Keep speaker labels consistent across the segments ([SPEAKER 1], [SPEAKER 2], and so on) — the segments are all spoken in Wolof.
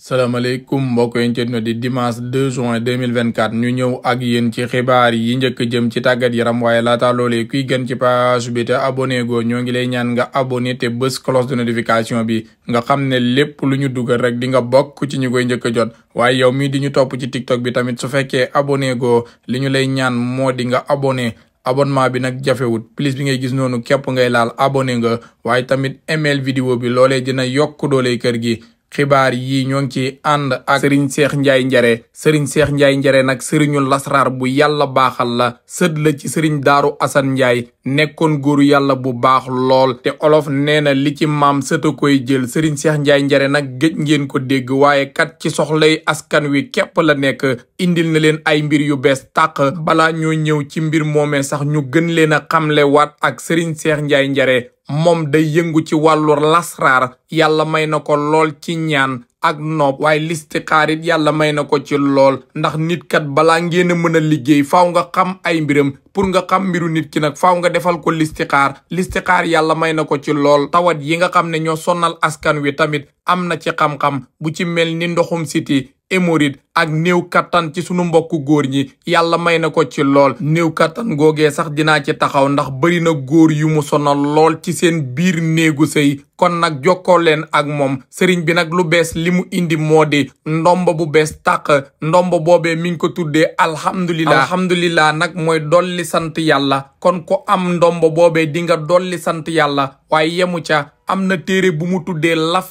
[SPEAKER 1] salaamaaleykum mbokk yi ñu di dimanche 2 juin 2024 ñu ñëw ak yéen ci xibaar yi njëkk jëm ci tàggat yaram waaye laata loolee kuy gën ci page bi te abonné go ñoo ngi lay ñaan nga abonné te bés cloche de notification bi nga xam ne lépp lu ñu dugal rek di nga bokk ci ñu koy njëkk a jot waaye yow mii di ñu topp ci tiktok bi tamit su fekkee abonné go li ñu lay ñaan moo di nga abonné. abonnement bi nag jafewut plus bi ngay gis noonu képp ngay laal abonné nga waaye tamit email vidéo bi loolee dina yokk doole kër gi xibaar yi ñoo ngi ci ànd ak sëriñ seex njaay njare sëriñ seex njaay njare nag sëriñu lasraar bu yàlla baaxal la sët la ci sëriñ daaru asan njaay nekkoon góoru yàlla bu baax lool te olof nee na li ci maam sëta koy jël sëriñ seex njaay njare nag gëj ngeen ko dégg waaye kat ci soxlay askan wi képp la nekk indil na leen ay mbir yu bees tàq balaa ñoo ñëw ci mbir moome sax ñu gën leen a xamle waat ak sëriñ seex njaay njare moom day yëngu ci wàllu lasraar yàlla may na ko lool ci ñaan ak nopp waaye listixaarit yàlla may na ko ci lool ndax nit kat balaa ngeen a mën a liggéey faaw nga xam ay mbiram pour nga xam mbiru nit ki nag faaw nga defal ko listixaar listixaar yàlla may na ko ci lool tawat yi nga xam ne ñoo sonnal askan wi tamit am na ci xam-xam bu ci mel ni ndoxum siti hémorroïde ak néew kattan ci sunu mbokku góor ñi yàlla may na ko ci lool néew kattan googee sax dinaa ci taxaw ndax bari na góor yu mu sonal lool ci seen biir néegu sëy kon nag jokko leen ak moom sëriñ bi nag lu bees li mu indi moo di ndomb bu bees tàq ndomb boobe mi ko tuddee alhamdulilah alhamdulilah nag mooy dolli sant yàlla kon ko am ndomb boobe dinga dolli sant yàlla waaye yemu ca am na téere bu mu tuddee laf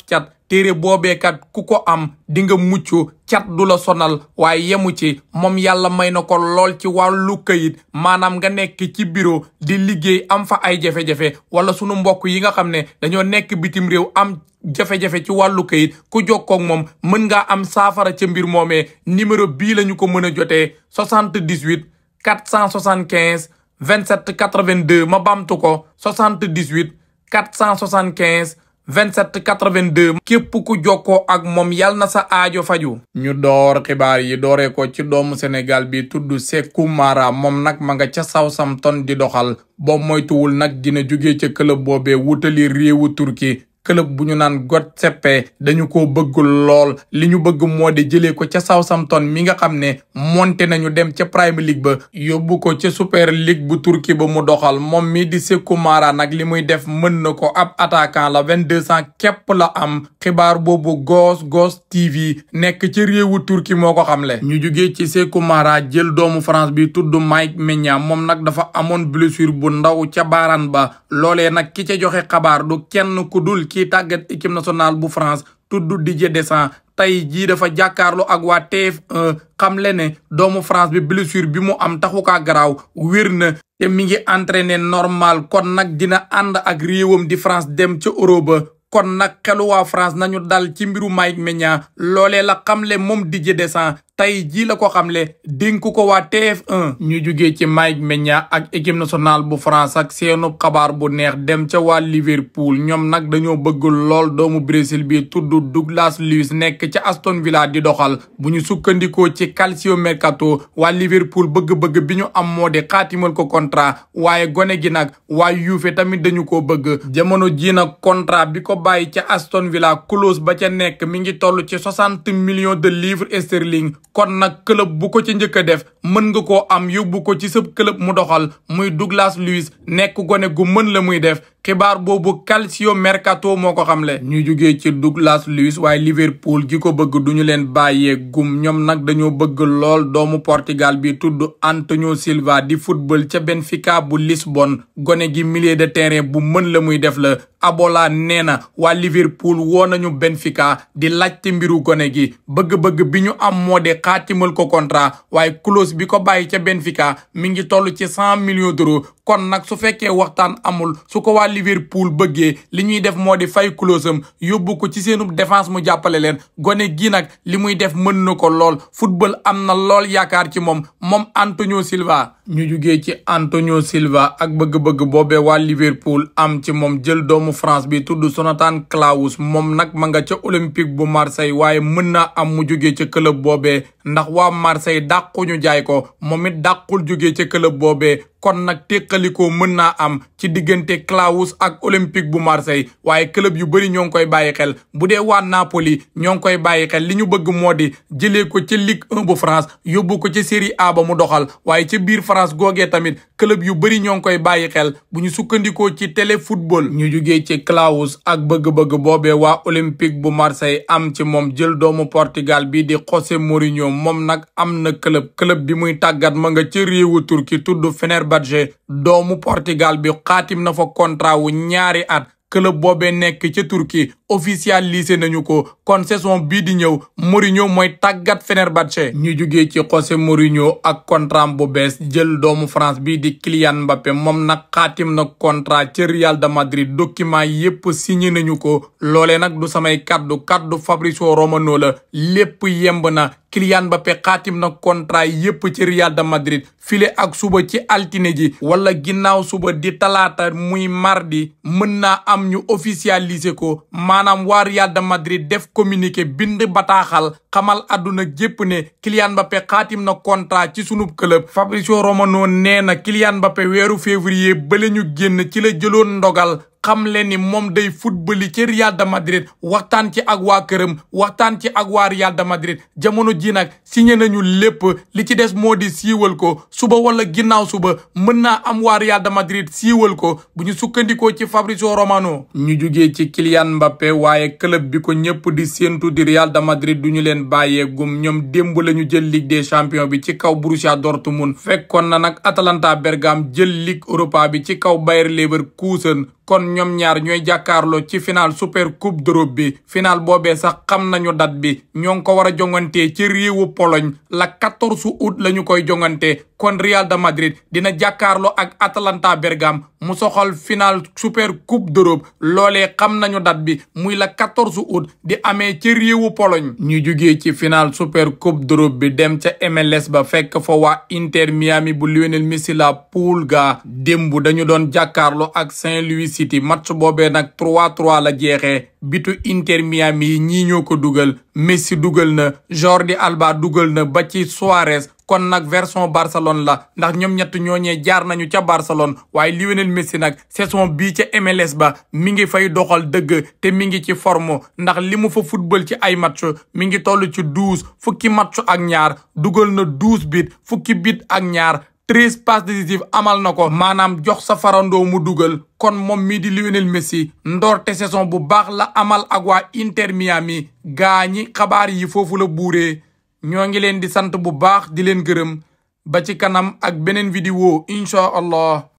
[SPEAKER 1] téere boobeekat ku ko am dinga nga mucc cat du la sonal waaye yemu ci moom yàlla may na ko lool ci wàllu kayit maanaam nga nekk ci bureau di liggéey am fa ay jafe-jafe wala sunu mbokk yi nga xam ne dañoo nekk bitim réew am jafe-jafe ci wàllu kayit ku jokkoo ak moom mën ngaa am saafara ca mbir moomee numéro bii la ñu ko mën a jotee 78 475 27 82 ma bamtu ko 78 475 vingt 27 82 képp ku jokkoo ak moom yal na sa aajo faju ñu door xibaar yi dooree ko ci doomu Sénégal bi tudd Sékou Mara moom nag ma nga ca Southampton di doxal boo moytuwul nag dina juge ca club boobee wutali réewu Turki club bu ñu naan Giuseppe dañu ko bëgg lool li ñu bëgg moo di jëlee ko ca Southampton mi nga xam ne monté nañu dem ca Premier League ba yóbbu ko ca Super League bu Turquie ba mu doxal moom mi di seku Mara nag li muy def mën na ko ab attaquant la vingt-deux ans képp la am xibaar boobu Goss Goss TV nekk ci réewu Turquie moo ko xamle ñu jugee ci Sékou Mara jël doomu France bi tudd Mike Maignan moom nag dafa amoon blessure bu ndaw ca baaraan ba loolee nag ki ca joxe xabaar du kenn ku ci tàggat équipe nationale bu France tudd Didier Deschamps tey jii dafa jàkkaarloo ak waa TF1 le ne doomu France bi blessure bi mu am taxu garaaw wér na te mi ngi entraîné normal kon nag dina ànd ak réewam di France dem ca Europe kon nag xelu France nañu dal ci mbiru Mike Maignan loolee la xamle moom Didier Deschamps tey jii la ko xamle dénk ko waa TF1 ñu jugee ci Mike Maignan ak équipe nationale bu France ak seenub xabaar bu neex dem ca waa Liverpool ñoom nag dañoo bëgg lool doomu Brésil bi tudd Douglas Luiz nekk ca Aston Villa di doxal bu ñu sukkandikoo ci Calcio Mercato waa Liverpool bëgg-bëgg bi ñu am moo di xaatimal ko contrat waaye gone gi nag waa Juve tamit dañu ko bëgg jamono ji nag contrat bi ko bàyyi ca Aston Villa clause ba ca nekk mi ngi toll ci soixante millions de livres sterling kon nag club bu ko ci njëkk a def mën nga koo am yóbbu ko ci sëb club mu doxal muy Douglas Luiz nekk gone gu mën la muy def xibaar boobu calcio mercato moo ko le ñu jugee ci Douglas Luiz waaye Liverpool gi ko bëgg du ñu leen bàyyee gum ñoom nag dañoo bëgg lool doomu Portugal bi tudd Antonio Silva di football ca Benfica bu Lisbonne gone gi milieu de terrain bu mën la muy def la. Abola nee na waa Liverpool woo nañu Benfica di laajte mbiru gone gi bëgg-bëgg bi ñu am moo de xaatimal ko contrat bi ko bàyyi ca Benfica mi ngi toll ci cent millions d'euros kon nag su fekkee waxtaan amul su ko waa Liverpool bëggee li ñuy def moo di fay kulóosam yóbbu ko ci seenu défense mu jàppale leen gone gi nag li muy def mën ko lool football am na lool yaakaar ci moom moom Antonio Silva ñu jugee ci Antonio Silva ak bëgg-bëgg boobee waa Liverpool am ci moom jël doomu France bi tudd Jonathan Klaus moom nag ma nga ca Olympique bu Marseille waaye mën naa am mu jugee ca club boobee ndax waa Marseille dàqu ñu jaay ko moom it dàqul jugee ca club boobee kon nag teqalikoo mën naa am ci diggante Klaus ak Olympique bu Marseille waaye club yu bëri ñoo ngi koy bàyyi xel bu dee waa Napoli ñoo ngi koy bàyyi xel li ñu bëgg moo di jëlee ko ci Ligue 1 bu France yóbbu ko ci Série A mu doxal concurrence googee tamit club yu bëri ñoo ngi koy bàyyi xel bu ñu sukkandikoo ci télé football ñu jugee ci Klaus ak bëgg-bëgg boobe waa olympique bu marseille am ci moom jël doomu portugal bi di José Mourinho moom nag am na club club bi muy tàggat ma nga ci réewu turki tudd Fenerbahçe doomu portugal bi xaatim na fa contrat wu ñaari at club boobee nekk ca Turquie officialisé nañu ko kon saison bii di ñëw Mourinho mooy tàggat Fenerbahçe ñu jugee ci José Mourinho ak contrat bu bees jël doomu France bii di Kylian Mbappé moom nag xaatim na contrat ca Real de Madrid document yépp signé nañu ko loole nag du samay kaddu kaddu Fabrizio Romano la lépp yemb na Kylian Mbappé xaatim na contrat yépp ci Real de Madrid file ak suba ci altine ji wala ginnaaw suba di talaata muy mardi mën naa am ñu officialiser ko maanaam waa Real de Madrid def communiqué bind bataaxal xamal àdduna jépp ne Kylian Mbappé na contrat ci sunub club Fabrizio Romano nee na Kylian Mbappé weeru février bële ñu génn ci la jëloon ndogal xam leen ni moom day footballi ci Real de Madrid waxtaan ci ak waa këram waxtaan ci ak waa Real de jamono ji nag signé nañu lépp li ci des moo di siiwal ko suba wala ginnaaw suba mën naa am waa Real de Madrid ko bu ñu sukkandikoo ci Fabrizio Romano. ñu jugee ci Kylian Mbappé waaye club bi ko ñëpp di séentu di Real de Madrid du ñu leen bàyyee gum ñoom démb ñu jël Ligue des champions bi ci kaw Borussia mun fekkoon na nag Atalanta Bergame jël Ligue Europa bi ci kaw Bayer Leverkusen kon ñoom ñaar ñooy jàkkaarloo ci final super coupe d'Europe bi final boobee sax xam nañu dat bi ñoo ngi ko war a jongantee ci réewu poloñ la 14 août la ñu koy jongantee kon Real de Madrid dina jàkkaarloo ak Atalanta Bergame mu soxal final super coupe d'Europe loolee xam nañu dat bi muy la 14 août di amee ci réewu poloñ ñu jugee ci final super coupe d'Europe bi dem ca MLS ba fekk fa waa Inter Miami bu Lionel Messi la Pulga démb dañu doon jàkkaarloo ak Saint-Louis City penalty match boobee nag 3-3 la jeexee bitu Inter Miami yi ñii ñoo ko dugal Messi dugal na Jordi Alba dugal na ba ci Suarez kon nag version Barcelone la ndax ñoom ñett ñooñee jaar nañu ca Barcelone waaye Lionel Messi nag saison bii ca MLS ba mi ngi fay doxal dëgg te mi ngi ci forme ndax li mu fa football ci ay match mi ngi toll ci douze fukki match ak ñaar dugal na douze bit fukki bit ak ñaar treize passes décisives amal na ko maanaam jox sa farandoo mu dugal kon moom mii di Lionel Messi ndoorte saison bu baax la amal ak waa Inter Miami gaa ñi xabaar yi foofu la buuree ñoo ngi leen di sant bu baax di leen gërëm ba ci kanam ak beneen vidéo incha allah